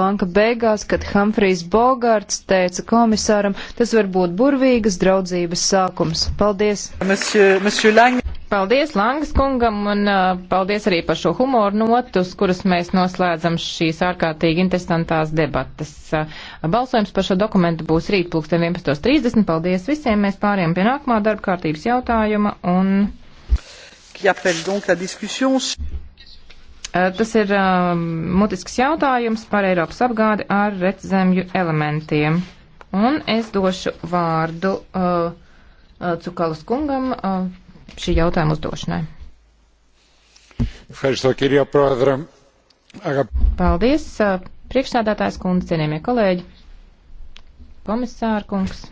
Lanka beigās, kad Humphrijs Bogarts teica komisāram, tas var būt burvīgas draudzības sākums. Paldies! Monsieur, monsieur Lang. Paldies Langas kungam un uh, paldies arī par šo humoru notu, uz kuras mēs noslēdzam šīs ārkārtīgi interesantās debatas. Uh, balsojums par šo dokumentu būs rīt pulksten 11.30. Paldies visiem! Mēs pāriem pie nākamā darba kārtības jautājuma un. Qui appelle donc la discussion? Eh, tas ir um, mutisks jautājums par Eiropas apgādi ar redzemju elementiem. Un es došu vārdu uh, Cukalas kungam uh, šī jautājuma uzdošanai. Paldies, uh, priekšsādātājs kundze, cienījamie kolēģi, komisāra kungs.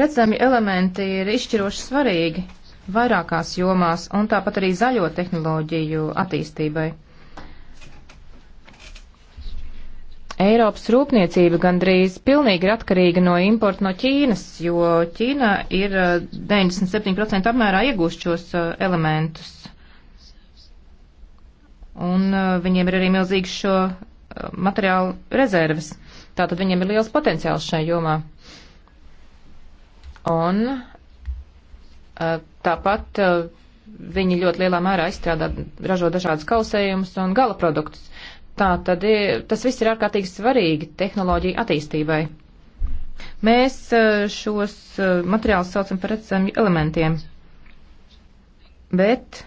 Redzami elementi ir izšķiroši svarīgi vairākās jomās un tāpat arī zaļo tehnoloģiju attīstībai. Eiropas rūpniecība gandrīz pilnīgi ir atkarīga no importa no Ķīnas, jo Ķīna ir 97% eh, apmērā iegūst šos eh, elementus. Un eh, viņiem ir arī milzīgs šo materiālu rezerves. Tātad viņiem ir liels potenciāls šajā jomā. Un Eh, tāpat eh, viņi ļoti lielā mērā izstrādā, ražo dažādas kausējumus un gala produktus. Tā tad eh, tas viss ir ārkārtīgi svarīgi tehnoloģiju attīstībai. Mēs šos materiālus saucam par redzamiem elementiem, bet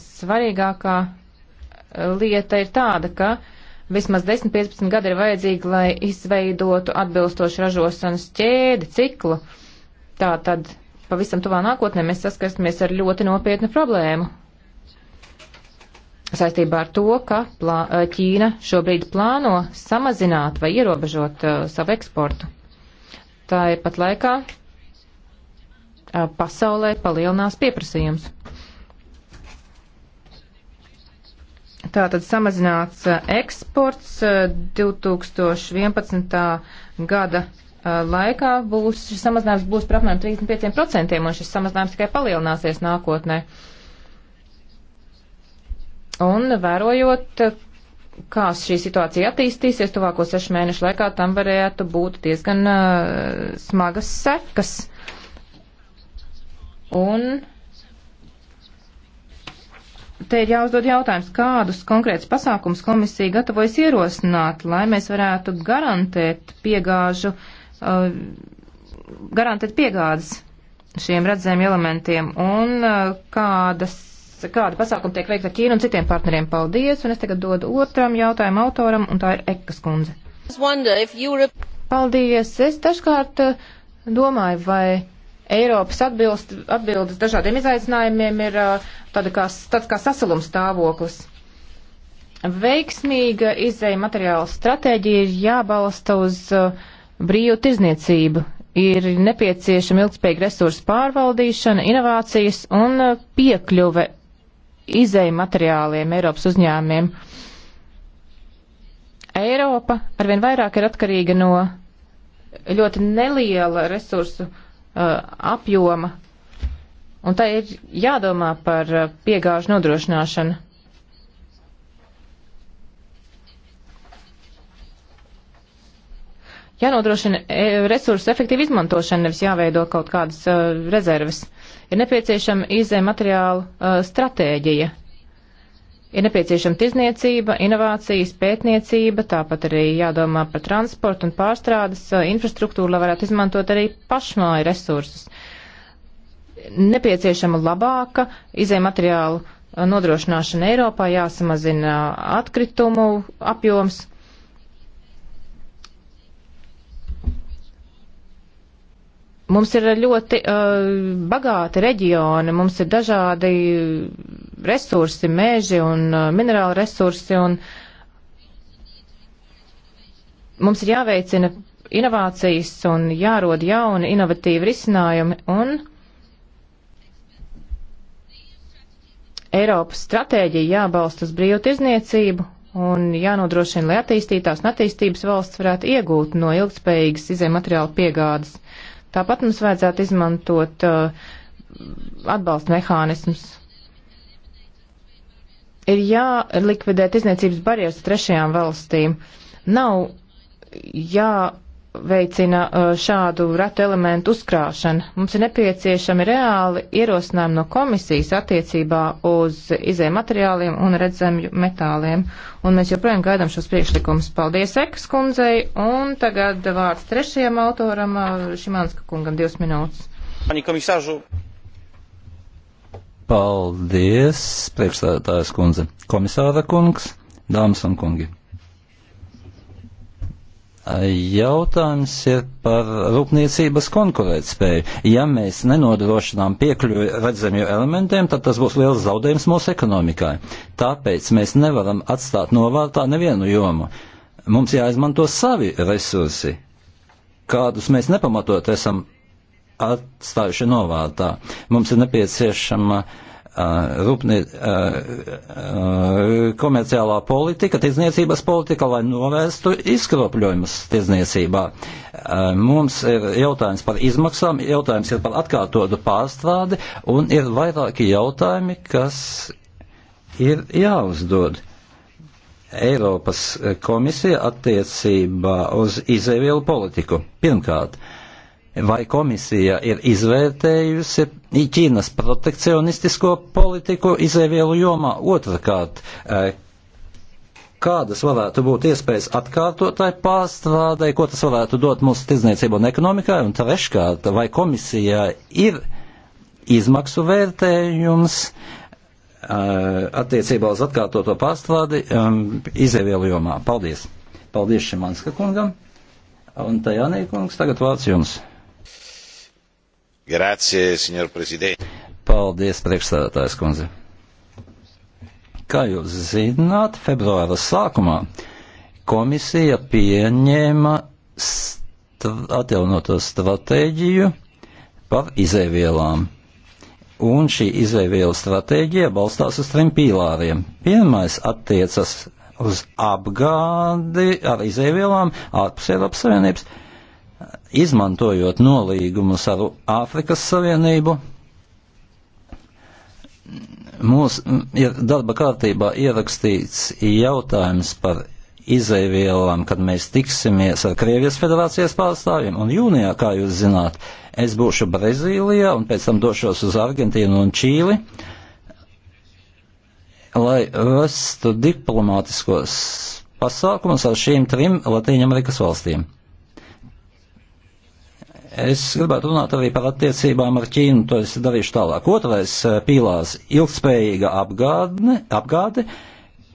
svarīgākā lieta ir tāda, ka vismaz 10-15 gadi ir vajadzīgi, lai izveidotu atbilstošu ražošanas ķēdi, ciklu. Uh, Tā tad pavisam tuvā nākotnē mēs saskarsimies ar ļoti nopietnu problēmu saistībā ar to, ka plā, Ķīna šobrīd plāno samazināt vai ierobežot uh, savu eksportu. Tā ir pat laikā uh, pasaulē palielinās pieprasījums. Tātad samazināts uh, eksports uh, 2011. gada laikā būs, šis samazinājums būs par apmēram 35%, un šis samazinājums tikai palielināsies nākotnē. Un vērojot, kā šī situācija attīstīsies, tuvāko sešu mēnešu laikā tam varētu būt diezgan uh, smagas sekas. Un te ir jāuzdod jautājums, kādus konkrētus pasākums komisija gatavojas ierosināt, lai mēs varētu garantēt piegāžu uh, Uh, garantēt piegādes šiem redzējiem elementiem un uh, kādas, kāda pasākuma tiek veikta ar Ķīnu un citiem partneriem. Paldies, un es tagad dodu otram jautājumu autoram, un tā ir Ekas kundze. Europe... Paldies, es dažkārt uh, domāju, vai Eiropas atbilst, atbildes dažādiem izaicinājumiem ir tāda kā, tāds kā sasalums stāvoklis. Veiksmīga izēja materiāla stratēģija ir jābalsta uz uh, brīvu tirzniecību, ir nepieciešama ilgspējīga resursu pārvaldīšana, inovācijas un uh, piekļuve izēju materiāliem Eiropas uzņēmumiem. Eiropa arvien vairāk ir atkarīga no ļoti neliela resursu uh, apjoma, un tā ir jādomā par uh, piegāžu nodrošināšanu. jānodrošina e, resursu efektīva izmantošana, nevis jāveido kaut kādas uh, rezerves. Ir nepieciešama izē materiālu uh, e, stratēģija. Ir nepieciešama tirzniecība, inovācijas, pētniecība, tāpat arī jādomā par transportu un pārstrādes uh, infrastruktūru, lai varētu izmantot arī pašmāju resursus. Nepieciešama labāka izē materiālu nodrošināšana Eiropā, jāsamazina atkritumu apjoms Mums ir ļoti uh, bagāti reģioni, mums ir dažādi resursi, mēži un uh, minerāli resursi, un mums ir jāveicina inovācijas un jārod jauni inovatīvi risinājumi, un Eiropas stratēģija jābalsta uz brīvu tirzniecību un jānodrošina, lai attīstītās un attīstības valsts varētu iegūt no ilgspējīgas izējumateriāla piegādes. Tāpat mums vajadzētu izmantot uh, atbalsta mehānismus. Ir jālikvidē izniecības barjeras trešajām valstīm. Nav jā veicina uh, šādu ratu elementu uzkrāšana. Mums ir nepieciešami reāli ierosinājumi no komisijas attiecībā uz izējiem materiāliem un redzamju metāliem. Un mēs joprojām gaidām šos priekšlikumus. Paldies Ekas kundzei. Un tagad vārds trešajam autoram uh, Šimanska kungam divas minūtes. Pani komisāžu. Paldies, priekšstādātājs kundze. Komisāra kungs, dāmas un kungi. Jautājums ir par rūpniecības konkurētspēju. Ja mēs nenodrošinām piekļuvi redzamiem elementiem, tad tas būs liels zaudējums mūsu ekonomikai. Tāpēc mēs nevaram atstāt novārtā nevienu jomu. Mums jāizmanto savi resursi, kādus mēs nepamatot esam atstājuši novārtā. Mums ir nepieciešama uh, Uh, rūpni, uh, uh, komerciālā politika, tirdzniecības politika, lai novērstu izkropļojumus tirdzniecībā. Mums ir jautājums par izmaksām, jautājums ir par atkārtotu pārstrādi un ir vairāki jautājumi, kas ir jāuzdod. Eiropas komisija attiecībā uz izēvielu politiku. Pirmkārt, uh, vai komisija ir izvērtējusi Ķīnas protekcionistisko politiku izēvielu jomā otrkārt. E, kādas varētu būt iespējas atkārtotai pārstrādai, ko tas varētu dot mūsu tirdzniecību un ekonomikai, un treškārt, vai komisijā ir izmaksu vērtējums e, attiecībā uz atkārtoto pārstrādi e, izēvielu jomā? Paldies! Paldies Šimanska kungam, un Tajānī kungs, tagad vārds jums! Grazie, signor prezident. Paldies, priekšstādātājs kundze. Kā jūs zināt, februāra sākumā komisija pieņēma st atjaunoto stratēģiju par izēvielām. Un šī izēvielu stratēģija balstās uz trim pīlāriem. Pirmais attiecas uz apgādi ar izēvielām ārpus Eiropas Savienības izmantojot nolīgumus ar Āfrikas Savienību, mūs ir darba kārtībā ierakstīts jautājums par izaivielām, kad mēs tiksimies ar Krievijas federācijas pārstāvjiem, un jūnijā, kā jūs zināt, es būšu Brazīlijā un pēc tam došos uz Argentīnu un Čīli, lai vestu diplomātiskos pasākumus ar šīm trim Latīņamerikas valstīm. Es gribētu runāt arī par attiecībām ar Ķīnu, to es darīšu tālāk. Otrais eh, pīlārs - ilgspējīga apgādne, apgāde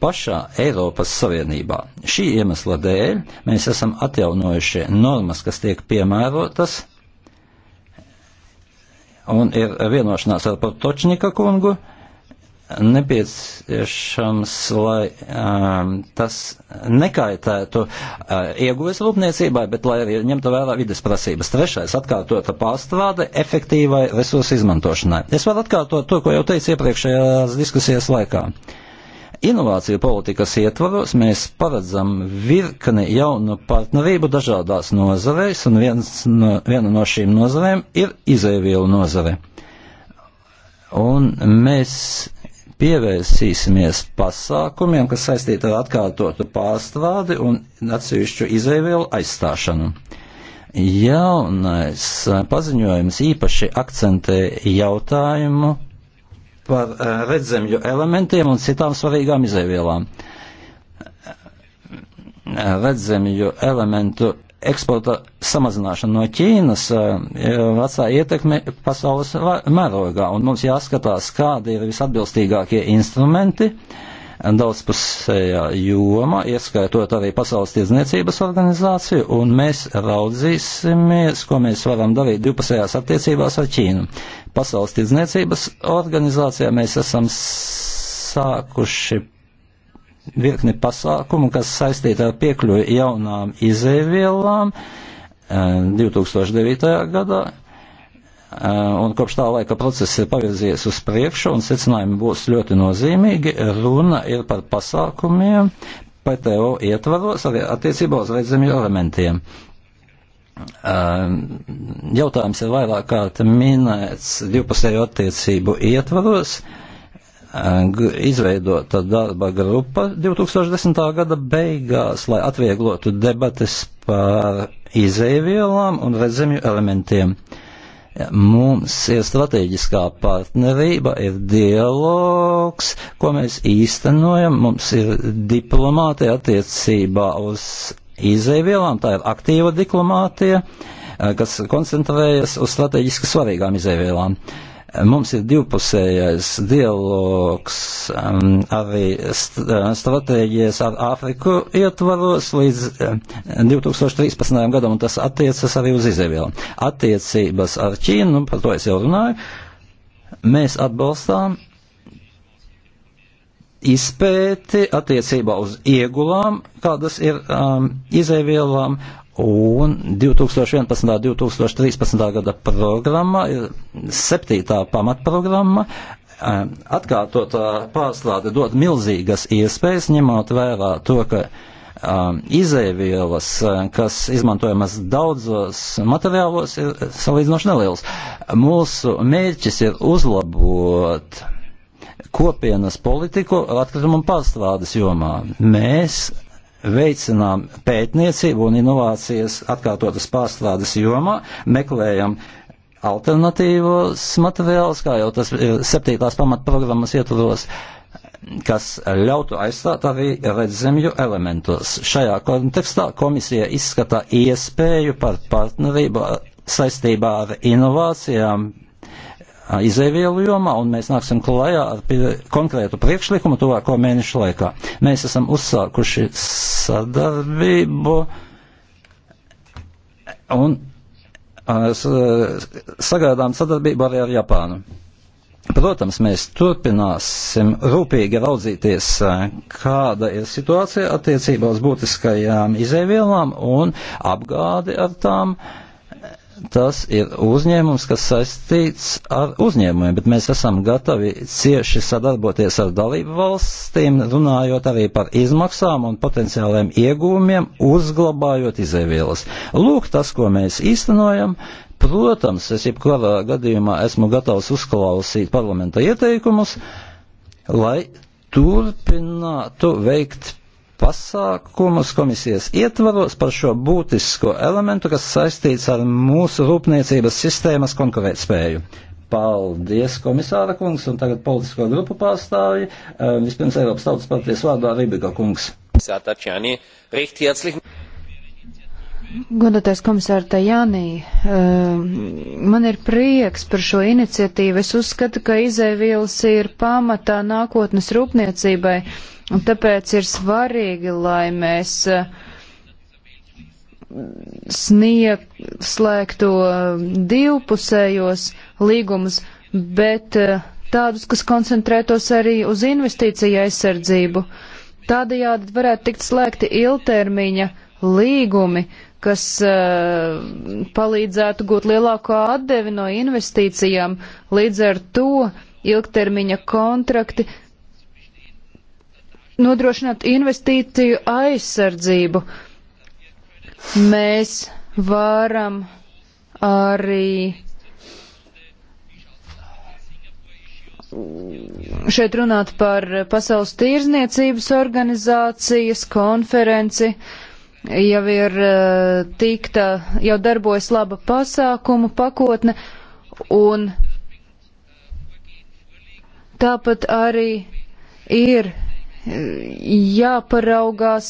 pašā Eiropas Savienībā. Šī iemesla dēļ mēs esam atjaunojuši normas, kas tiek piemērotas, un ir vienošanās ar Portočnika kungu nepieciešams, lai um, tas nekaitētu uh, ieguves rūpniecībai, bet lai arī ņemtu vērā vides prasības. Trešais - atkārtota pārstrāde efektīvai resursu izmantošanai. Es varu atkārtot to, ko jau teicu iepriekšējās diskusijas laikā. Inovāciju politikas ietvaros mēs paredzam virkni jaunu partnerību dažādās nozareis, un viens, no, viena no šīm nozarēm ir izēvielu nozare. Un mēs pievērsīsimies pasākumiem, kas saistīti ar atkārtotu pārstrādi un atsevišķu izēvielu aizstāšanu. Jaunais paziņojums īpaši akcentē jautājumu par eh, redzemļu elementiem un citām svarīgām izēvielām. Redzemļu elementu eksporta samazināšana no Ķīnas eh, vecā ietekme pasaules mērogā, un mums jāskatās, kādi ir visatbilstīgākie instrumenti daudzpusējā joma, ieskaitot arī Pasaules tirdzniecības organizāciju, un mēs raudzīsimies, ko mēs varam darīt divpusējās attiecībās ar Ķīnu. Pasaules tirdzniecības organizācijā mēs esam sākuši virkni pasākumu, kas saistīta ar piekļuvi jaunām izēvielām 2009. Eh, gadā. Eh, un kopš tā laika process ir pavirzies uz priekšu, un secinājumi būs ļoti nozīmīgi. Runa ir par pasākumiem PTO ietvaros arī attiecībā uz redzamiem elementiem. Eh, jautājums ir vairāk kārt minēts divpusēju attiecību ietvaros. Uh, izveidota darba grupa 2010. gada beigās, lai atvieglotu debates par izēvielām un redzamju elementiem. Mums ir strateģiskā partnerība, ir dialogs, ko mēs īstenojam, mums ir diplomātija attiecībā uz izēvielām, tā ir aktīva diplomātija, eh, kas koncentrējas uz strateģiski svarīgām izēvielām. Uh, Mums ir divpusējais dialogs um, arī st uh, stratēģijas ar Āfriku ietvaros līdz 2013. Uh, gadam, un tas attiecas arī uz izēvielu. Attiecības ar Ķīnu, nu, par to es jau runāju, mēs atbalstām izpēti attiecībā uz iegulām, kādas ir um, izēvielām, Un 2011. un 2013. gada programma ir septītā pamatprogramma. Eh, Atkārtotā eh, pārslāde dod milzīgas iespējas, ņemot vērā to, ka um, izēvielas, kas izmantojamas daudzos materiālos, ir salīdzinoši nelielas. Mūsu mērķis ir uzlabot kopienas politiku atkritumu pārstrādes jomā. Mēs veicinām pētniecību un inovācijas atkārtotas pārstrādes jomā, meklējam alternatīvos materiālus, kā jau tas eh, septītās pamatprogrammas ietvaros, kas ļautu aizstāt arī redzemju elementos. Šajā kontekstā komisija izskata iespēju par partnerību saistībā ar inovācijām izēvielu jomā, un mēs nāksim klajā ar konkrētu priekšlikumu tuvāko mēnešu laikā. Mēs esam uzsākuši sadarbību un sagaidām sadarbību arī ar Japānu. Protams, mēs turpināsim rūpīgi raudzīties, kāda ir situācija attiecībā uz būtiskajām izēvielām un apgādi ar tām. Uh, tas ir uzņēmums, kas saistīts ar uzņēmumiem, bet mēs esam gatavi cieši sadarboties ar dalību valstīm, runājot arī par izmaksām un potenciāliem iegūmiem, uzglabājot izēvielas. Lūk, tas, ko mēs īstenojam. Protams, es jebkurā gadījumā esmu gatavs uzklausīt parlamenta ieteikumus, lai turpinātu veikt pasākumus komisijas ietvaros par šo būtisko elementu, kas saistīts ar mūsu rūpniecības sistēmas konkurētspēju. Paldies, komisāra kungs, un tagad politisko grupu pārstāvji. Eh, vispirms Eiropas Tautas partijas vārdā Rībika kungs. Godātais komisāra Tajānī, eh, man ir prieks par šo iniciatīvu. Es uzskatu, ka izēvielas ir pamatā nākotnes rūpniecībai Un tāpēc ir svarīgi, lai mēs eh, snieg, slēgtu eh, divpusējos līgumus, bet eh, tādus, kas koncentrētos arī uz investīciju aizsardzību. Tādējādi varētu tikt slēgti ilgtermiņa līgumi, kas uh, palīdzētu gūt lielāko atdevi no investīcijām. Līdz ar to ilgtermiņa kontrakti nodrošināt investīciju aizsardzību. Mēs varam arī šeit runāt par Pasaules tirzniecības organizācijas konferenci. Jau ir eh, tikta, jau darbojas laba pasākumu pakotne, un tāpat arī ir jāparaugās,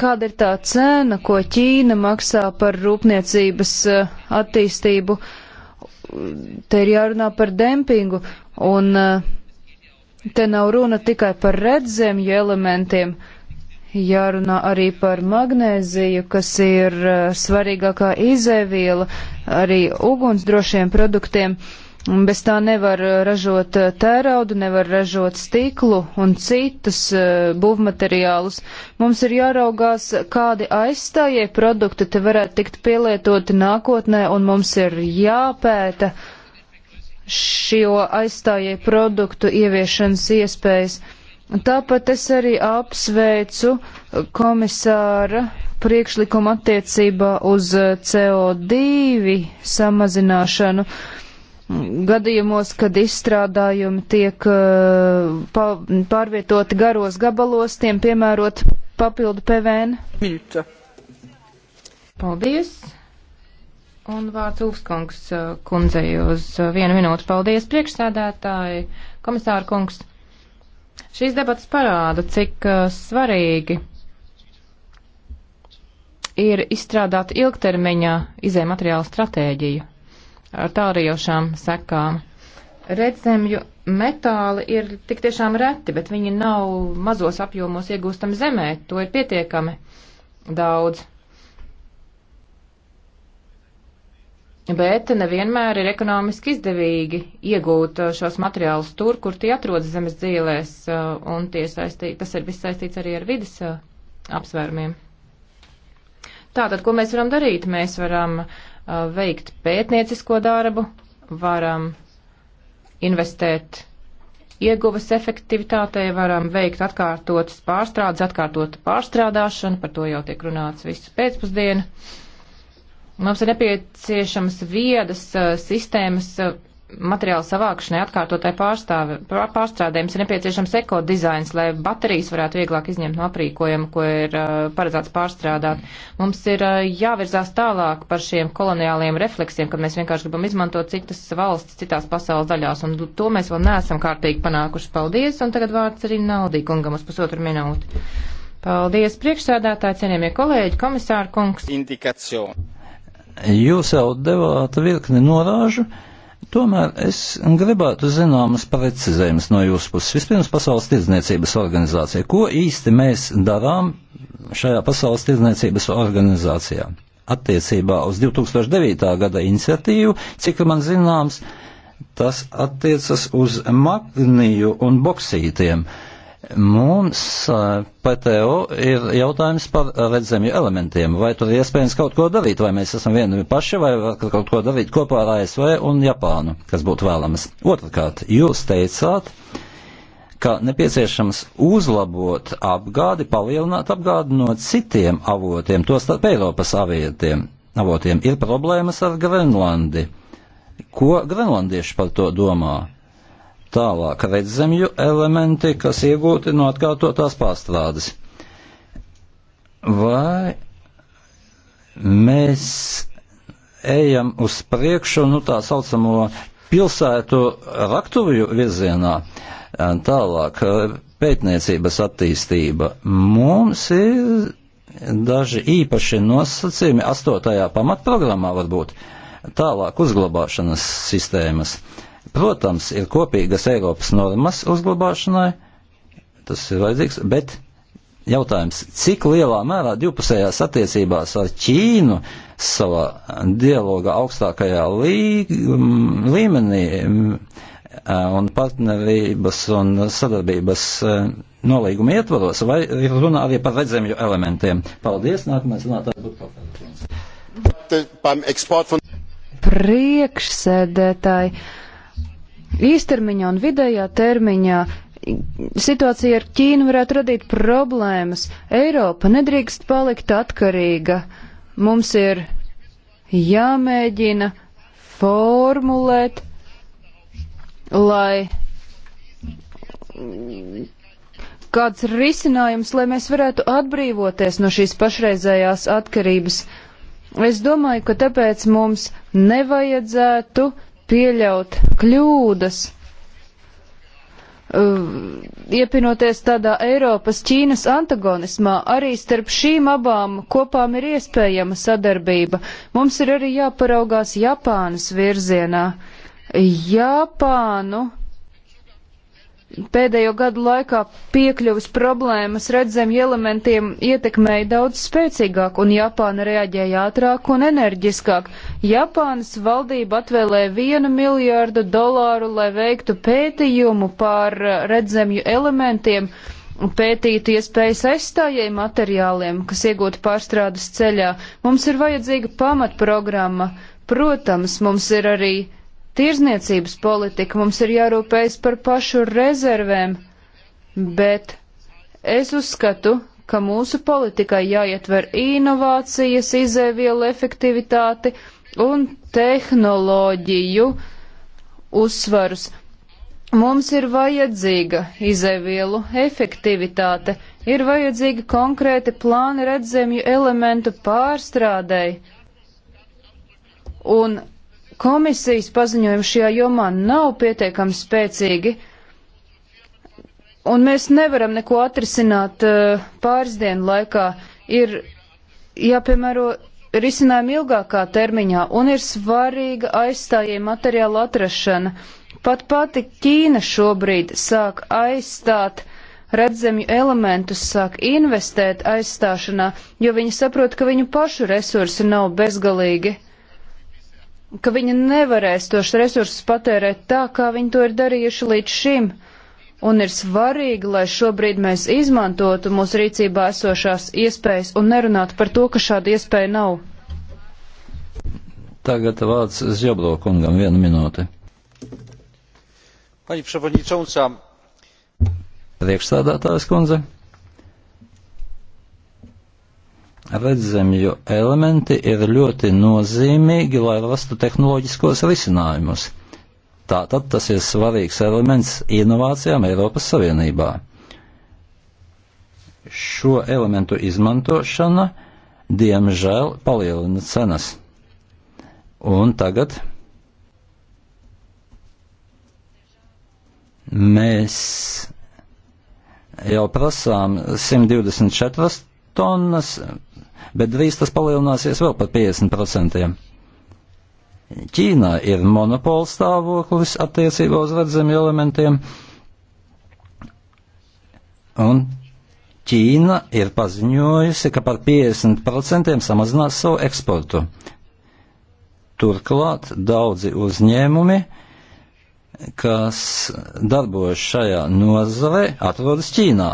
kāda ir tā cena, ko Ķīna maksā par rūpniecības eh, attīstību. Te ir jārunā par dempingu, un eh, te nav runa tikai par redzemju elementiem, jārunā arī par magnēziju, kas ir eh, svarīgākā izēviela arī ugunsdrošiem produktiem. Uh, Bez tā nevar ražot eh, tēraudu, nevar ražot stiklu un citus eh, būvmateriālus. Mums ir jāraugās, kādi aizstājie produkti te varētu tikt pielietoti nākotnē, un mums ir jāpēta šo aizstājie produktu ieviešanas iespējas. Tāpat es arī apsveicu eh, komisāra priekšlikumu attiecībā uz CO2 samazināšanu. Uh, gadījumos, kad izstrādājumi tiek eh, pārvietoti garos gabalos, tiem piemērot papildu PVN. Minūte. Paldies. Un vārds Ulfskungs eh, kundzei uz eh, vienu minūtu. Paldies, priekšsēdētāji, komisāra kungs. Šīs debatas parāda, cik svarīgi ir izstrādāt ilgtermiņā izējumateriāla stratēģiju ar tālriejošām sekām. Redzemju metāli ir tik tiešām reti, bet viņi nav mazos apjomos iegūstami zemē. To ir pietiekami daudz. Bet nevienmēr ir ekonomiski izdevīgi iegūt uh, šos materiālus tur, kur tie atrodas zemes dzīvēs, uh, un saistī, tas ir viss saistīts arī ar vidas uh, apsvērumiem. Tātad, ko mēs varam darīt? Mēs varam uh, Uh, veikt pētniecisko darbu, varam investēt ieguvas efektivitātei, varam veikt atkārtotas pārstrādes, atkārtotu pārstrādāšanu, par to jau tiek runāts visu pēcpusdienu. Mums ir nepieciešamas viedas uh, sistēmas uh, materiāla savākšanai, atkārtotai pārstrādējums ir nepieciešams ekodizains, lai baterijas varētu vieglāk izņemt no aprīkojuma, ko ir uh, paredzēts pārstrādāt. Mums ir uh, jāvirzās tālāk par šiem koloniāliem refleksiem, kad mēs vienkārši gribam izmantot citas valsts, citās pasaules daļās, un to mēs vēl neesam kārtīgi panākuši. Paldies, un tagad vārds arī Naldī kungam uz pusotru minūti. Paldies, priekšsēdētāji, cienījamie kolēģi, komisāra kungs. Indikācija. Jūs jau devāt virkni norāžu Tomēr es gribētu zināmas precizējumus no jūsu puses. Vispirms, Pasaules tirdzniecības organizācija. Ko īsti mēs darām šajā Pasaules tirdzniecības organizācijā? Attiecībā uz 2009. gada iniciatīvu, cik man zināms, tas attiecas uz magniju un boksītiem. Uh, Mums PTO ir jautājums par redzamiem elementiem. Vai tur ir iespējams kaut ko darīt, vai mēs esam vieni paši, vai var kaut ko darīt kopā ar ASV un Japānu, kas būtu vēlamas. Otrakārt, jūs teicāt, ka nepieciešams uzlabot apgādi, palielināt apgādi no citiem avotiem, tostarp Eiropas avietiem. avotiem. Ir problēmas ar Grenlandi. Ko grenlandieši par to domā? Tālāk redzemju elementi, kas iegūti no atkārtotās pārstrādes. Vai mēs ejam uz priekšu, nu tā saucamo pilsētu raktuvju virzienā, tālāk pētniecības attīstība. Mums ir daži īpaši nosacījumi, astotajā pamatprogrammā varbūt, tālāk uzglabāšanas sistēmas. Uh, Protams, ir kopīgas Eiropas normas uzglabāšanai, tas ir vajadzīgs, bet jautājums, cik lielā mērā divpusējās attiecībās ar Ķīnu savā dialoga augstākajā lī, mm, līmenī mm, un partnerības un sadarbības mm, nolīguma ietvaros, vai ir runa arī par redzēmju elementiem. Paldies, nākamais runātājs būtu konferences. Priekšsēdētāji īstermiņā un vidējā termiņā situācija ar Ķīnu varētu radīt problēmas. Eiropa nedrīkst palikt atkarīga. Mums ir jāmēģina formulēt, lai kāds risinājums, lai mēs varētu atbrīvoties no šīs pašreizējās atkarības. Es domāju, ka tāpēc mums nevajadzētu uh, pieļaut kļūdas, uh, iepinoties tādā Eiropas Ķīnas antagonismā, arī starp šīm abām kopām ir iespējama sadarbība. Mums ir arī jāparaugās Japānas virzienā. Japānu pēdējo gadu laikā piekļuvis problēmas redzēm elementiem ietekmēja daudz spēcīgāk, un Japāna reaģēja ātrāk un enerģiskāk. Japānas valdība atvēlēja vienu miljārdu dolāru, lai veiktu pētījumu par redzēmju elementiem un pētītu iespējas aizstājēju materiāliem, kas iegūti pārstrādes ceļā. Mums ir vajadzīga pamatprogramma. Protams, mums ir arī tirzniecības politika, mums ir jārūpējas par pašu rezervēm, bet es uzskatu, ka mūsu politikai jāietver inovācijas, izēvielu efektivitāti un tehnoloģiju uzsvarus. Mums ir vajadzīga izēvielu efektivitāte, ir vajadzīgi konkrēti plāni redzamju elementu pārstrādēji. Un Komisijas paziņojumi šajā jomā nav pietiekami spēcīgi, un mēs nevaram neko atrisināt eh, pāris dienu laikā. Ir jāpiemēro risinājumi ilgākā termiņā, un ir svarīga aizstājie materiāla atrašana. Pat pati Ķīna šobrīd sāk aizstāt redzamju elementus, sāk investēt aizstāšanā, jo viņi saprot, ka viņu pašu resursi nav bezgalīgi ka viņi nevarēs tos resursus patērēt tā, kā viņi to ir darījuši līdz šim. Un ir svarīgi, lai šobrīd mēs izmantotu mūsu rīcībā esošās iespējas un nerunātu par to, ka šāda iespēja nav. Tagad vārds Zjoblo kungam vienu minūti. Paņi Priekšstādātājs kundze. redzamju elementi ir ļoti nozīmīgi, lai rastu tehnoloģiskos risinājumus. Tātad tas ir svarīgs elements inovācijām Eiropas Savienībā. Šo elementu izmantošana, diemžēl, palielina cenas. Un tagad mēs jau prasām 124 tonnas, bet drīz tas palielināsies vēl par 50%. Ķīnā ir monopols stāvoklis attiecībā uz redzamiem elementiem, un Ķīna ir paziņojusi, ka par 50% samazinās savu eksportu. Turklāt daudzi uzņēmumi, kas darbojas šajā nozarē, atrodas Ķīnā.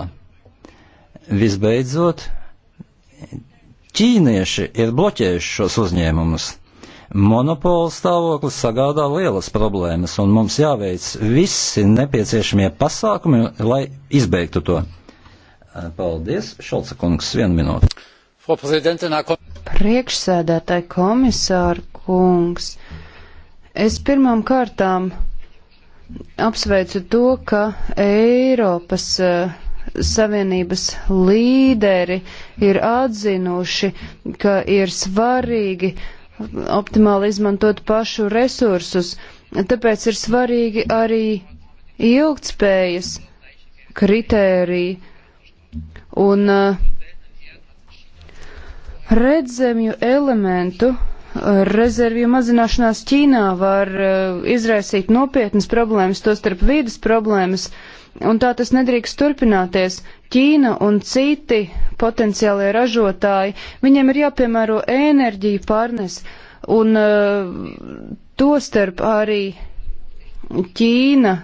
Visbeidzot, Ķīnieši ir bloķējuši šos uzņēmumus. Monopola stāvoklis sagādā lielas problēmas, un mums jāveic visi nepieciešamie pasākumi, lai izbeigtu to. Paldies, Šolca kungs, vienu minūti. Priekšsēdētāji komisāra kungs, es pirmām kārtām apsveicu to, ka Eiropas uh, Savienības līderi ir atzinuši, ka ir svarīgi optimāli izmantot pašu resursus, tāpēc ir svarīgi arī ilgtspējas kritēriji un uh, redzemju elementu uh, rezervju mazināšanās Ķīnā var uh, izraisīt nopietnas problēmas, tostarp vīdas problēmas. Uh, Un tā tas nedrīkst turpināties. Ķīna un citi potenciālie ražotāji, viņiem ir jāpiemēro enerģija pārnes, un uh, to starp arī Ķīna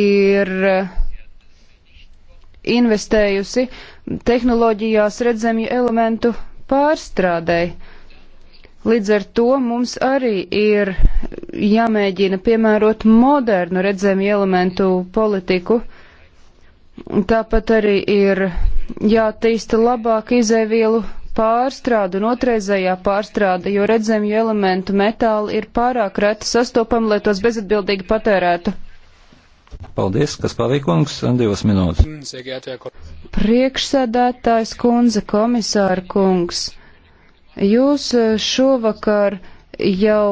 ir uh, investējusi tehnoloģijās redzamju elementu pārstrādēji. Līdz ar to mums arī ir jāmēģina piemērot modernu redzējumu elementu politiku. Tāpat arī ir jātīsta labāk izēvielu pārstrāde un otrreizējā pārstrāde, jo redzējumu elementu metāli ir pārāk reti sastopami, lai tos bezatbildīgi patērētu. Paldies, kas pavīkungs, divas minūtes. Priekšsēdētājs kundze, komisāra kungs. Jūs eh, šovakar jau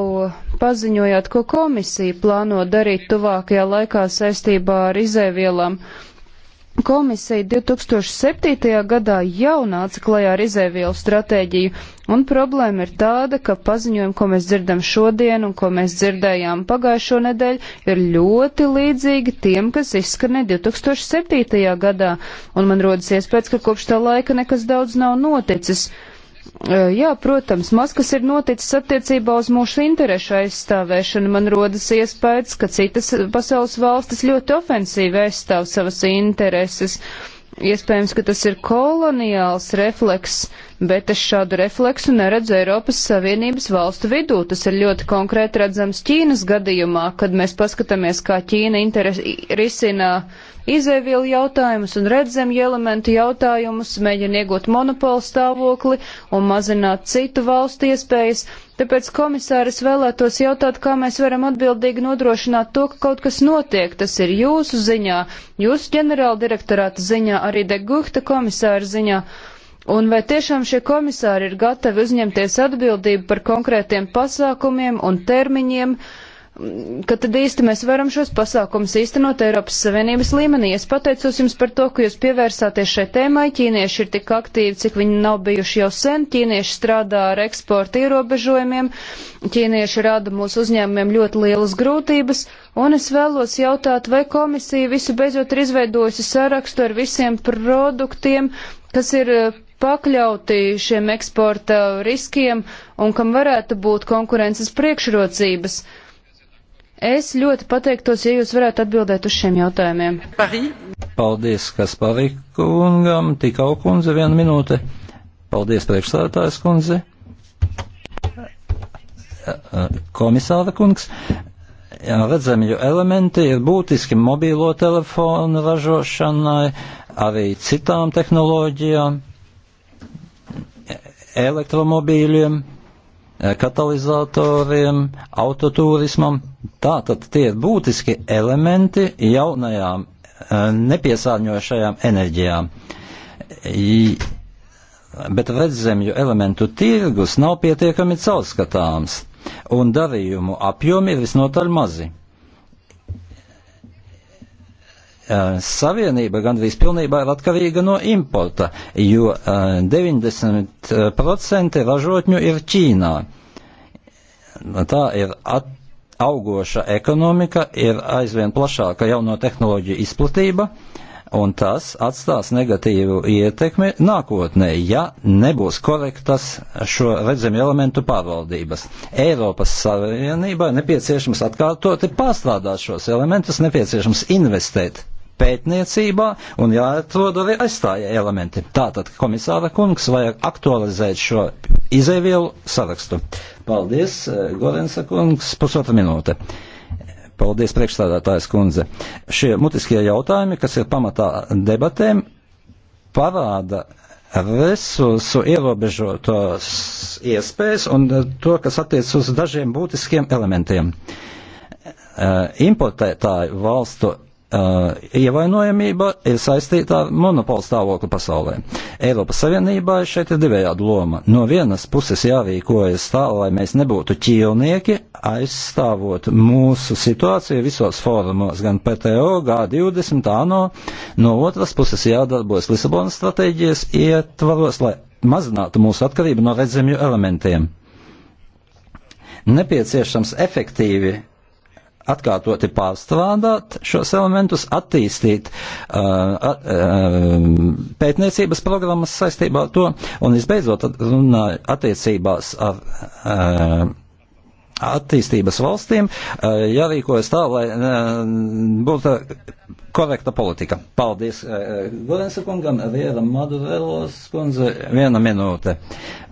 paziņojāt, ko komisija plāno darīt tuvākajā laikā saistībā ar izēvielām. Komisija 2007. gadā jau nāca klajā ar izēvielu stratēģiju, un problēma ir tāda, ka paziņojumi, ko mēs dzirdam šodien un ko mēs dzirdējām pagājušo nedēļu, ir ļoti līdzīgi tiem, kas izskanēja 2007. gadā, un man rodas iespējas, ka kopš tā laika nekas daudz nav noticis. Uh, Eh, jā, protams, maz kas ir noticis attiecībā uz mūsu interešu aizstāvēšanu. Man rodas iespējas, ka citas pasaules valstis ļoti ofensīvi aizstāv savas intereses. Iespējams, ka tas ir koloniāls refleks. Uh, bet es šādu refleksu neredzu Eiropas Savienības valstu vidū. Tas ir ļoti konkrēti redzams Ķīnas gadījumā, kad mēs paskatāmies, kā Ķīna interes, risina izēvielu jautājumus un redzamie elementu jautājumus, mēģina iegūt monopolu stāvokli un mazināt citu valstu iespējas. Tāpēc komisāris vēlētos jautāt, kā mēs varam atbildīgi nodrošināt to, ka kaut kas notiek. Tas ir jūsu ziņā, jūsu ģenerāldirektorāta ziņā, arī Degukta komisāra ziņā. Un vai tiešām šie komisāri ir gatavi uzņemties atbildību par konkrētiem pasākumiem un termiņiem, mm, ka tad īsti mēs varam šos pasākumus īstenot Eiropas Savienības līmenī? Es pateicos jums par to, ka jūs pievērsāties šai tēmai. Ķīnieši ir tik aktīvi, cik viņi nav bijuši jau sen. Ķīnieši strādā ar eksporta ierobežojumiem. Ķīnieši rada mūsu uzņēmumiem ļoti lielas grūtības. Un es vēlos jautāt, vai komisija visu beidzot ir izveidojusi sarakstu ar visiem produktiem, kas ir eh, pakļauti šiem eksporta riskiem un kam varētu būt konkurences priekšrocības. Es ļoti pateiktos, ja jūs varētu atbildēt uz šiem jautājumiem. Paldies, Kasparī kungam, tikau kundze, viena minūte. Paldies, priekšstādātājs kundze. Komisāra kungs. Redzamju elementi ir būtiski mobīlo telefonu ražošanai, arī citām tehnoloģijām elektromobīļiem, e, katalizatoriem, autotūrismam. Tātad tie ir būtiski elementi jaunajām e, nepiesārņojošajām enerģijām. Bet redzemju elementu tirgus nav pietiekami caurskatāms, un darījumu apjomi ir visnotaļ mazi. Eh, savienība gandrīz pilnībā ir atkarīga no importa, jo 90% eh, eh, ražotņu ir Ķīnā. Tā ir at, augoša ekonomika, ir aizvien plašāka jauno tehnoloģiju izplatība, un tas atstās negatīvu ietekmi nākotnē, ja nebūs korektas šo redzami elementu pārvaldības. Eiropas Savienībā nepieciešams atkārtoti pārstrādāt šos elementus, nepieciešams investēt pētniecībā un jāatrod arī aizstājie elementi. Tātad komisāra kungs vajag aktualizēt šo izēvielu sarakstu. Paldies, eh, Gorensa kungs, pusotra minūte. Paldies, priekšstādātājs kundze. Šie mutiskie jautājumi, kas ir pamatā debatēm, parāda resursu ierobežotos iespējas un to, kas attiec uz dažiem būtiskiem elementiem. Eh, importētāju valstu Uh, ievainojamība ir saistīta ar monopolu stāvokli pasaulē. Eiropas Savienībā šeit ir divējāda loma. No vienas puses jārīkojas tā, lai mēs nebūtu ķīlnieki, aizstāvot mūsu situāciju visos fórumos, gan PTO, G20, ANO. No otras puses jādarbojas Lisabonas stratēģijas ietvaros, lai mazinātu mūsu atkarību no redzamju elementiem nepieciešams efektīvi atkārtoti pārstrādāt šos elementus, attīstīt uh, at, uh, pētniecības programmas saistībā ar to, un visbeidzot runāju attiecībās ar. Uh, attīstības valstīm uh, jārīkojas tā, lai uh, būtu korekta politika. Paldies uh, Gorensa kungam, Riera Madurelos kundze, viena minūte.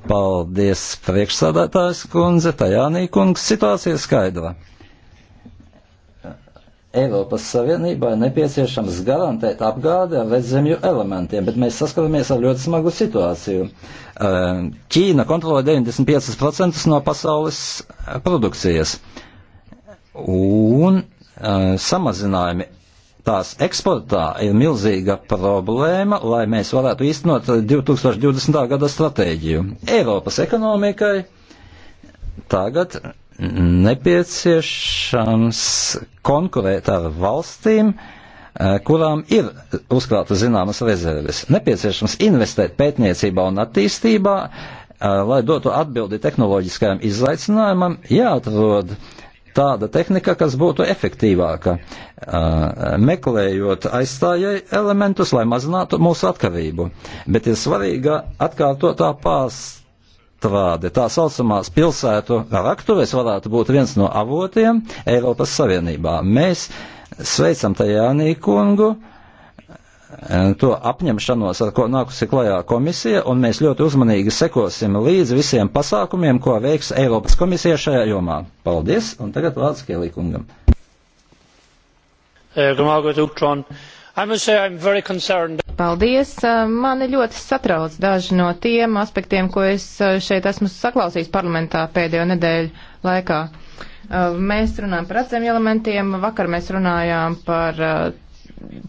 Paldies priekšsādātājs kundze, Tajānī kungs, situācija skaidra. Eiropas Savienībā ir nepieciešams garantēt apgādi ar redzemju elementiem, bet mēs saskaramies ar ļoti smagu situāciju. Eh, Ķīna kontrolē 95% no pasaules eh, produkcijas, un eh, samazinājumi tās eksportā ir milzīga problēma, lai mēs varētu īstenot 2020. gada stratēģiju. Eiropas ekonomikai tagad nepieciešams konkurēt ar valstīm, eh, kurām ir uzkrāta zināmas rezerves. Nepieciešams investēt pētniecībā un attīstībā, eh, lai dotu atbildi tehnoloģiskajam izaicinājumam, jāatrod tāda tehnika, kas būtu efektīvāka, eh, meklējot aizstājai elementus, lai mazinātu mūsu atkarību. Bet ir svarīga atkārtotā pārstāvība aptvāde, tā saucamās pilsētu raktuves varētu būt viens no avotiem Eiropas Savienībā. Mēs sveicam Tajānī kungu eh, to apņemšanos, ar ko nākusi klajā komisija, un mēs ļoti uzmanīgi sekosim līdz visiem pasākumiem, ko veiks Eiropas komisija šajā jomā. Paldies, un tagad vārds Kielī kungam. Uh, Paldies! Uh, mani ļoti satrauc daži no tiem aspektiem, ko es uh, šeit esmu saklausījis parlamentā pēdējo nedēļu laikā. Uh, mēs runājam par atsevišķiem elementiem, vakar mēs runājām par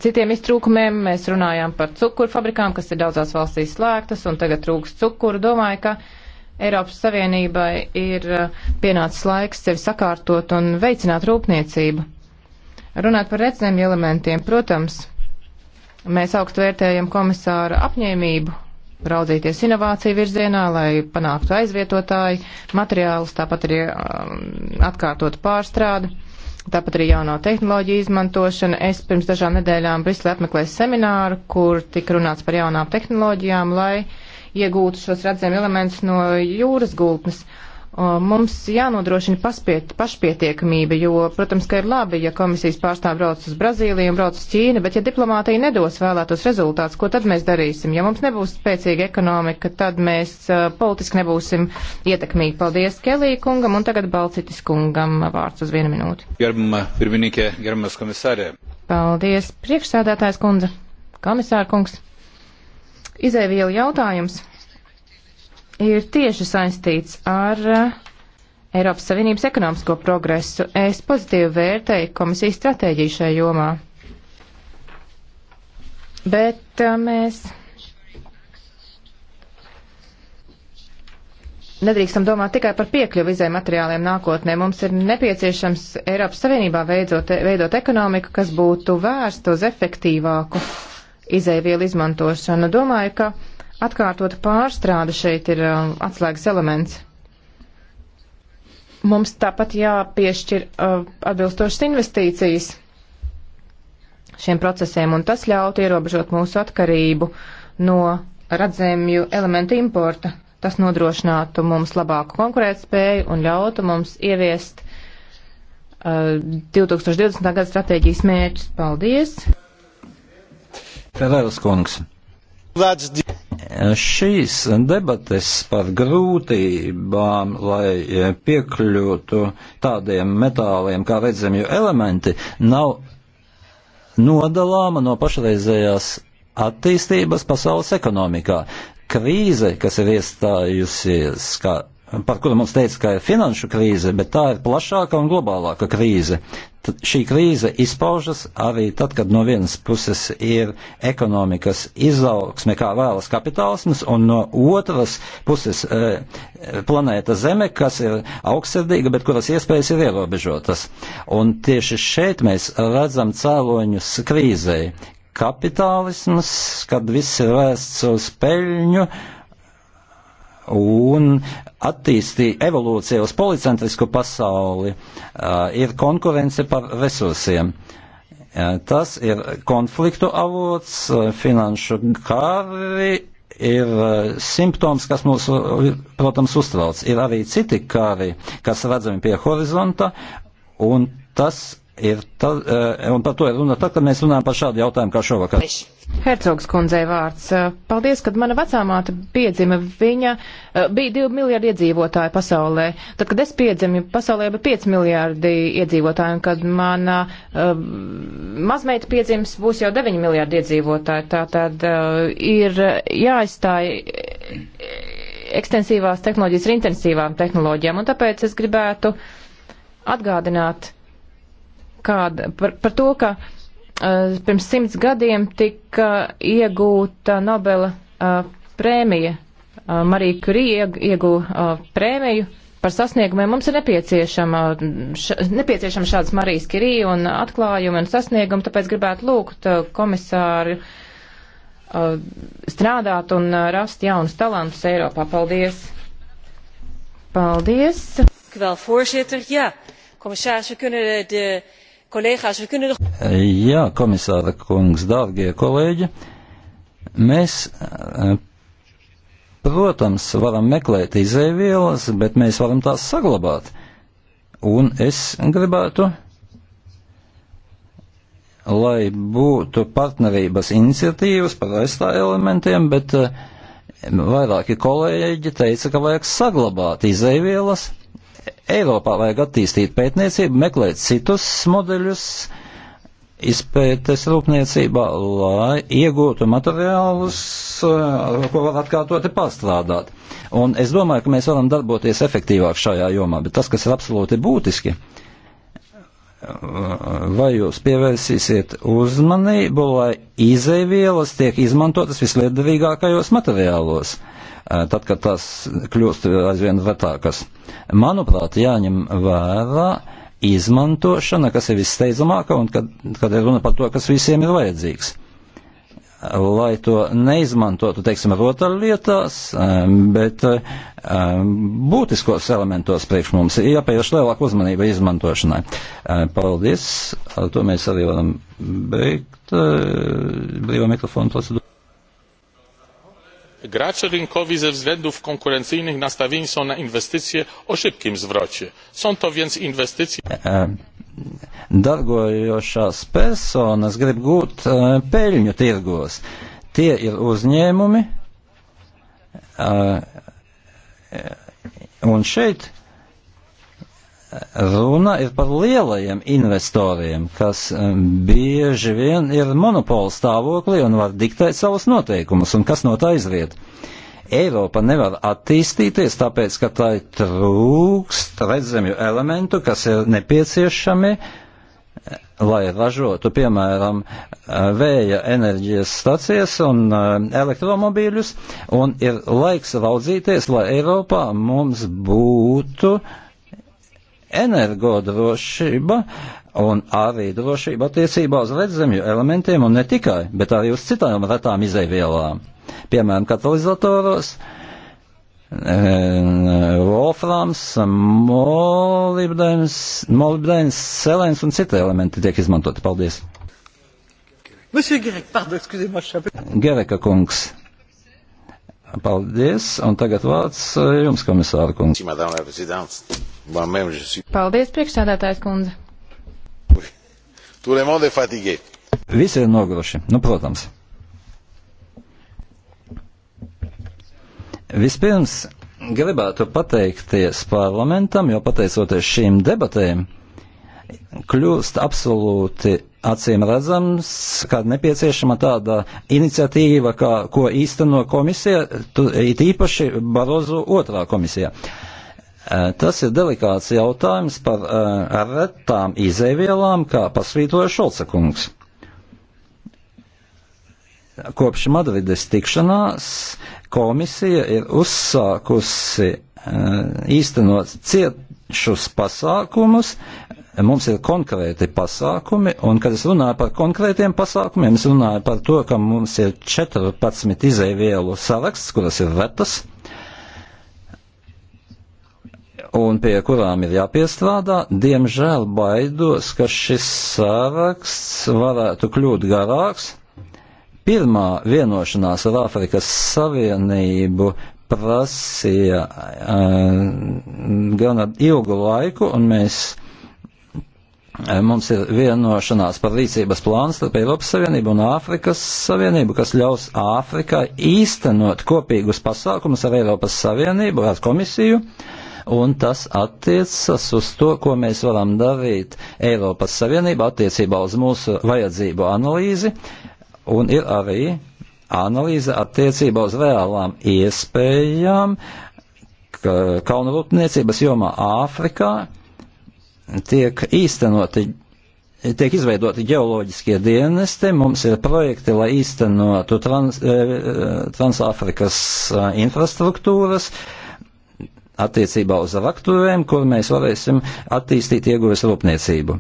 citiem iztrūkumiem, mēs runājām par cukurfabrikām, kas ir daudzās valstīs slēgtas un tagad trūks cukuru. Domāju, ka Eiropas Savienībai ir pienācis laiks sevi sakārtot un veicināt rūpniecību. Runāt par redzēm elementiem, protams, Mēs augstu vērtējam komisāra apņēmību raudzīties inovāciju virzienā, lai panāktu aizvietotāju materiālus, tāpat arī um, atkārtot pārstrādi, tāpat arī jauno tehnoloģiju izmantošana. Es pirms dažām nedēļām Briselē apmeklēju semināru, kur tika runāts par jaunām tehnoloģijām, lai iegūtu šos redzējumu elementus no jūras gultnes. Uh, Uh, mums jānodrošina paspiet, pašpietiekamība, jo, protams, ka ir labi, ja komisijas pārstāv brauc uz Brazīliju un brauc uz Ķīnu, bet ja diplomātija nedos vēlētos rezultātus, ko tad mēs darīsim? Ja mums nebūs spēcīga ekonomika, tad mēs uh, politiski nebūsim ietekmīgi. Paldies Kelī kungam un tagad Balcitis kungam vārds uz vienu minūti. Gerbama pirmininkē, gerbamas komisārē. Paldies, priekšsādātājs kundze, komisāra kungs. Izēvielu jautājums ir tieši saistīts ar uh, Eiropas Savienības ekonomisko progresu. Es pozitīvi vērtēju komisijas stratēģiju šajā jomā. Bet uh, mēs nedrīkstam domāt tikai par piekļuvi izējiem materiāliem nākotnē. Mums ir nepieciešams Eiropas Savienībā veidot, veidot ekonomiku, kas būtu vērsta uz efektīvāku izēvielu izmantošanu. Domāju, ka Atkārtot pārstrāde šeit ir uh, atslēgas elements. Mums tāpat jāpiešķir uh, atbilstošas investīcijas šiem procesiem, un tas ļautu ierobežot mūsu atkarību no redzēmju elementu importa. Tas nodrošinātu mums labāku konkurētspēju un ļautu mums ieviest uh, 2020. gada stratēģijas mērķus. Paldies! Ferēras kungs. Šīs debates par grūtībām, lai e, piekļūtu tādiem metāliem kā redzamie elementi, nav nodalāma no pašreizējās attīstības pasaules ekonomikā. Krīze, kas ir iestājusies, kā par kuru mums teica, ka ir finanšu krīze, bet tā ir plašāka un globālāka krīze šī krīze izpaužas arī tad, kad no vienas puses ir ekonomikas izaugsme, kā vēlas kapitālisms, un no otras puses e, planēta Zeme, kas ir augstsirdīga, bet kuras iespējas ir ierobežotas. Un tieši šeit mēs redzam cēloņus krīzei. Kapitālisms, kad viss ir vērsts uz peļņu, un attīstīja evolūcija uz policentrisku pasauli, uh, ir konkurence par resursiem. Uh, tas ir konfliktu avots, uh, finanšu kāri ir simptoms, kas mūs, protams, uztrauc. Ir arī citi kāri, kas redzami pie horizonta, un tas ir tad, eh, un par to ir runa tad, kad mēs runājam par šādu jautājumu kā šovakar. Hercogs kundzei vārds. Eh, paldies, kad mana vecāmāte piedzima. Viņa eh, bija 2 miljardi iedzīvotāji pasaulē. Tad, kad es piedzimu, pasaulē bija 5 miljardi iedzīvotāji, un kad mana uh, mazmeita piedzims, būs jau 9 miljardi iedzīvotāji. Tā tad uh, ir jāizstāj ekstensīvās tehnoloģijas ar intensīvām tehnoloģijām, un tāpēc es gribētu atgādināt kāda, par, par to, ka uh, pirms simts gadiem tika iegūta Nobela uh, prēmija. Uh, Marija Kurija ieguva uh, prēmiju par sasniegumiem. Mums ir nepieciešama, š, nepieciešama šādas Marijas Kirija un atklājumi un sasniegumi, tāpēc gribētu lūgt uh, komisāru uh, strādāt un uh, rast jaunus talantus Eiropā. Paldies! Paldies! Dank u wel, voorzitter. Ja, commissaris, we kunnen de, Collega's, we kunnen nog. Jā, komisāra kungs, dārgie kolēģi, mēs, eh, protams, varam meklēt izēvielas, bet mēs varam tās saglabāt. Un es gribētu, lai būtu partnerības iniciatīvas par aizstā elementiem, bet eh, vairāki kolēģi teica, ka vajag saglabāt izēvielas Eiropā vajag attīstīt pētniecību, meklēt citus modeļus izpētes rūpniecībā, lai iegūtu materiālus, eh, ko var atkārtoti pārstrādāt. Un es domāju, ka mēs varam darboties efektīvāk šajā jomā, bet tas, kas ir absolūti būtiski, ir vai jūs pievērsīsiet uzmanību, lai izaivielas tiek izmantotas vislietderīgākajos materiālos, tad, kad tās kļūst aizvien vetākas. Manuprāt, jāņem vērā izmantošana, kas ir visteidzamāka un kad, kad ir runa par to, kas visiem ir vajadzīgs lai to neizmantotu, teiksim, rotaļlietās, bet būtiskos elementos priekš mums ir jāpievērš lielāka uzmanība izmantošanai. Paldies, ar to mēs arī varam beigt eh, brīvā mikrofonu procedūru. Gracze rynkowi ze względów konkurencyjnych nastawieni są na inwestycje o szybkim zwrocie. Są to więc inwestycje. Uh darbojošās personas grib gūt uh, peļņu tirgos. Tie ir uzņēmumi, uh, un šeit runa ir par lielajiem investoriem, kas eh, bieži vien ir monopola stāvoklī un var diktēt savus noteikumus, un kas no tā izriet. Uh, Eiropa nevar attīstīties, tāpēc, ka tā ir trūkst redzamju elementu, kas ir nepieciešami, lai ražotu, piemēram, vēja enerģijas stacijas un eh, elektromobīļus, un ir laiks raudzīties, lai Eiropā mums būtu energodrošība un arī drošība attiecībā uz redzamju elementiem un ne tikai, bet arī uz citām retām izaivielām piemēram, katalizatoros, e, Wolframs, molibdēns, selēns un citi elementi tiek izmantoti. Paldies! Gereka kungs. Paldies, un tagad vārds e, jums, komisāra kungs. Paldies, priekšsēdētājs kundze. Visi ir noguruši, nu, protams. Vispirms gribētu pateikties parlamentam, jo pateicoties šīm debatēm, kļūst absolūti acīm redzams, ka nepieciešama tāda iniciatīva, kā, ko īsteno komisija, tu, it īpaši Barozu otrā komisija. Eh, tas ir delikāts jautājums par uh, retām izēvielām, kā pasvītoja Šolcekungs. Kopš Madrides tikšanās Komisija ir uzsākusi eh, īstenot cietušus pasākumus, mums ir konkrēti pasākumi, un kad es runāju par konkrētiem pasākumiem, es runāju par to, ka mums ir 14 izēvielu saraksts, kuras ir retas, un pie kurām ir jāpiestrādā. Diemžēl baidos, ka šis saraksts varētu kļūt garāks, Pirmā vienošanās ar Āfrikas Savienību prasīja uh, gan ilgu laiku, un mēs eh, Mums ir vienošanās par rīcības plānu starp Eiropas Savienību un Āfrikas Savienību, kas ļaus Āfrikai īstenot kopīgus pasākumus ar Eiropas Savienību, ar komisiju, un tas attiecas uz to, ko mēs varam darīt Eiropas Savienība attiecībā uz mūsu vajadzību analīzi, Un ir arī analīze attiecībā uz reālām iespējām kalnurūpniecības jomā Āfrikā tiek īstenoti tiek izveidoti ģeoloģiskie dienesti, mums ir projekti, lai īstenotu trans, e, Transāfrikas e, infrastruktūras attiecībā uz raktuvēm, kur mēs varēsim attīstīt ieguves rūpniecību.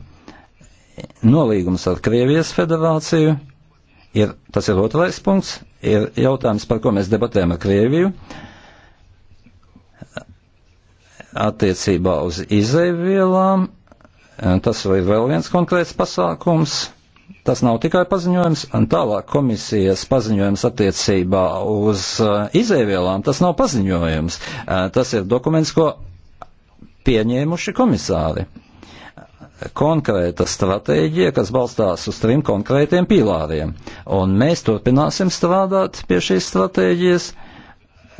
Nolīgums ar Krievijas federāciju ir, tas ir otrais punkts, ir jautājums, par ko mēs debatējam ar Krieviju attiecībā uz izēvielām. Tas ir vēl viens konkrēts pasākums. Tas nav tikai paziņojums, un tālāk komisijas paziņojums attiecībā uz uh, izēvielām. Tas nav paziņojums. Uh, tas ir dokuments, ko pieņēmuši komisāri konkrēta stratēģija, kas balstās uz trim konkrētiem pīlāriem. Un mēs turpināsim strādāt pie šīs stratēģijas.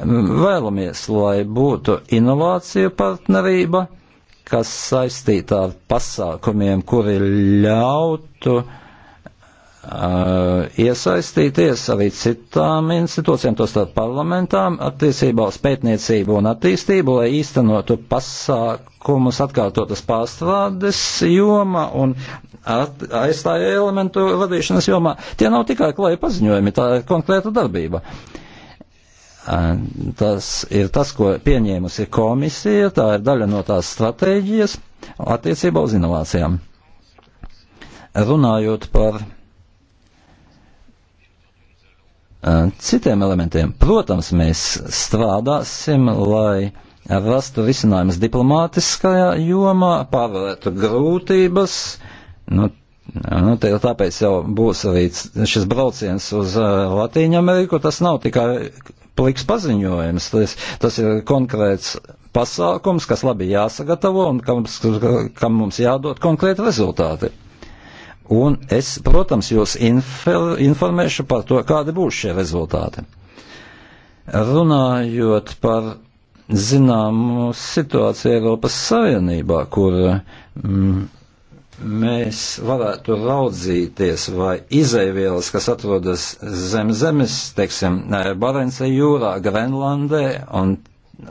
Vēlamies, lai būtu inovācija partnerība, kas saistīta ar pasākumiem, kuri ļautu uh, Uh, iesaistīties arī citām institūcijām, tostarp parlamentām, attiecībā uz pētniecību un attīstību, lai īstenotu pasākumus atkārtotas pārstrādes joma un at, aizstāja elementu vadīšanas jomā. Tie nav tikai klāja paziņojumi, tā ir konkrēta darbība. Uh, tas ir tas, ko pieņēmusi komisija, tā ir daļa no tās stratēģijas attiecībā uz inovācijām. Runājot par citiem elementiem. Protams, mēs strādāsim, lai rastu risinājumus diplomātiskajā jomā, pārvarētu grūtības. Nu, nu, tāpēc jau būs arī šis brauciens uz Latīņu Ameriku. Tas nav tikai pliks paziņojums, tas, tas ir konkrēts pasākums, kas labi jāsagatavo un kam, kam mums jādod konkrēti rezultāti. Un es, protams, jūs informēšu par to, kādi būs šie rezultāti. Runājot par zināmu situāciju Eiropas Savienībā, kur mm, mēs varētu raudzīties, vai izaivielas, kas atrodas zem zemes, teiksim, Barence jūrā, Grenlandē un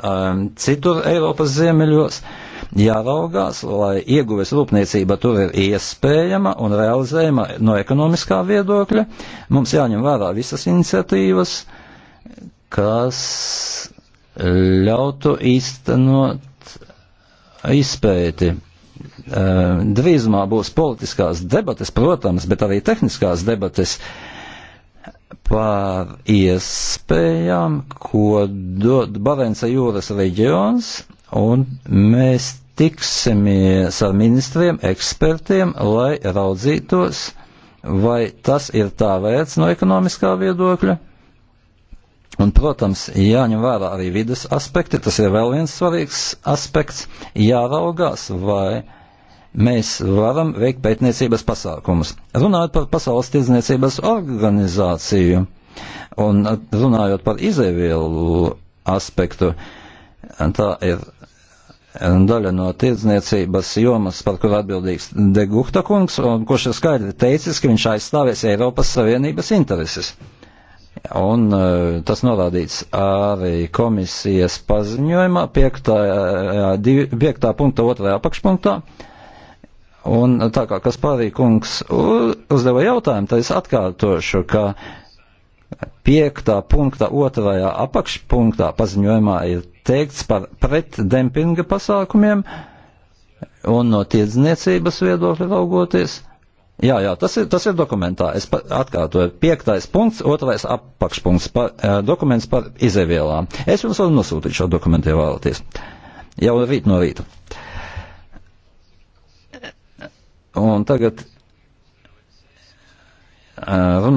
um, citur Eiropas ziemeļos, uh, jāraugās, lai ieguves rūpniecība tur ir iespējama un realizējama no ekonomiskā viedokļa. Mums jāņem vērā visas iniciatīvas, kas ļautu īstenot izpēti. Drīzumā būs politiskās debates, protams, bet arī tehniskās debates par iespējām, ko dod Barenca jūras reģions, un mēs tiksimies ar ministriem, ekspertiem, lai raudzītos, vai tas ir tā vērts no ekonomiskā viedokļa. Un, protams, jāņem vērā arī vidas aspekti, tas ir vēl viens svarīgs aspekts, jāraugās, vai mēs varam veikt pētniecības pasākumus. Runājot par Pasaules tirdzniecības organizāciju un runājot par izēvielu aspektu, tā ir daļa no tirdzniecības jomas, par kur atbildīgs Degukta kungs, un kurš ir skaidri teicis, ka viņš aizstāvēs Eiropas Savienības intereses. Un uh, tas norādīts arī komisijas paziņojumā 5.2. E, apakšpunktā. Un tā kā Kasparī kungs uzdeva jautājumu, tad es atkārtošu, ka uh, piektā punktā, otrajā apakšpunktā paziņojumā ir teikts par pretdempinga pasākumiem un no tirdzniecības viedokļa raugoties. Jā, jā, tas ir, tas ir dokumentā. Es atkārtoju. Piektais punkts, otrais apakšpunkts, par, eh, dokuments par izēvielām. Es jums varu nosūtīt šo dokumentu, ja vēlaties. Jau rīt no rīta. Un tagad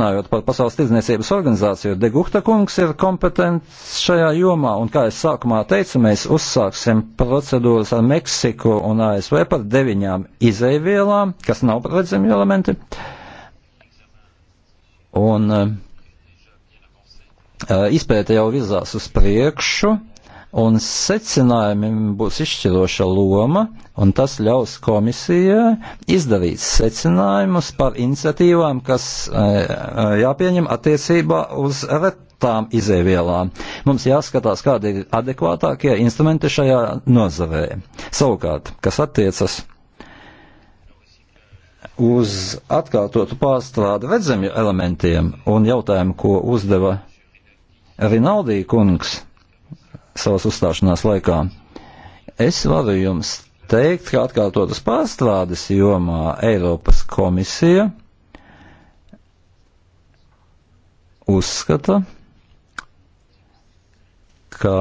runājot par Pasaules tirdzniecības organizāciju, Degukta kungs ir kompetents šajā jomā, un kā es sākumā teicu, mēs uzsāksim procedūras ar Meksiku un ASV par deviņām izēvielām, kas nav paredzami elementi. Un uh, eh, izpēta jau virzās uz priekšu un secinājumiem būs izšķiroša loma, un tas ļaus komisijai izdarīt secinājumus par iniciatīvām, kas e, e, jāpieņem attiecībā uz retām izēvielām. Mums jāskatās, kādi ir adekvātākie instrumenti šajā nozarē. Savukārt, kas attiecas uz atkārtotu pārstrādi redzamju elementiem un jautājumu, ko uzdeva Rinaldī kungs savas uzstāšanās laikā. Es varu jums teikt, ka atkārtotas pārstrādes jomā Eiropas komisija uzskata, ka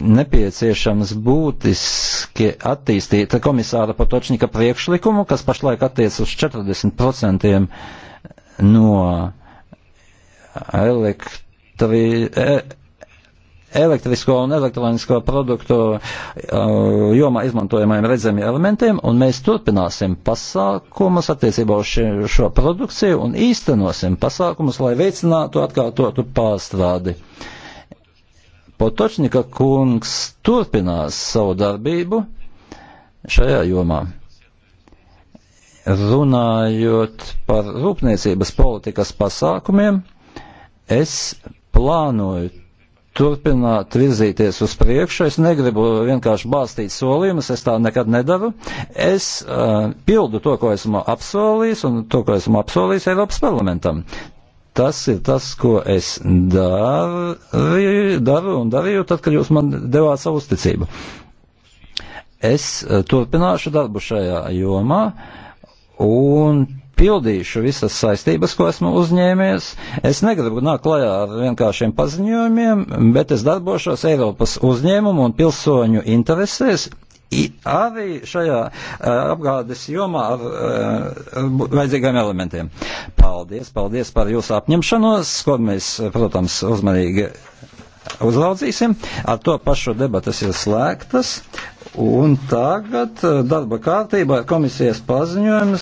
nepieciešams būtiski attīstīt komisāra Patočņika priekšlikumu, kas pašlaik attiec uz 40% no elektri, e, elektrisko un elektronisko produktu e, jomā izmantojamajiem redzamiem elementiem, un mēs turpināsim pasākumus attiecībā uz šo produkciju un īstenosim pasākumus, lai veicinātu atkārtotu pārstrādi. Potočnika kungs turpinās savu darbību šajā jomā. Runājot par rūpniecības politikas pasākumiem, Es plānoju turpināt virzīties uz priekšu. Es negribu vienkārši bāstīt solījumus, es tā nekad nedaru. Es uh, pildu to, ko esmu apsolījis un to, ko esmu apsolījis Eiropas parlamentam. Tas ir tas, ko es daru, daru un darīju tad, kad jūs man devāt savu uzticību. Es uh, turpināšu darbu šajā jomā un pildīšu visas saistības, ko esmu uzņēmies. Es negribu nākt klajā ar vienkāršiem paziņojumiem, bet es darbošos Eiropas uzņēmumu un pilsoņu interesēs, I, arī šajā uh, apgādes jomā ar uh, vajadzīgiem elementiem. Paldies, paldies par jūsu apņemšanos, ko mēs, protams, uzmanīgi uzraudzīsim. Ar to pašu debatas ir slēgtas. Un tagad eh, darba kārtībā komisijas paziņojums.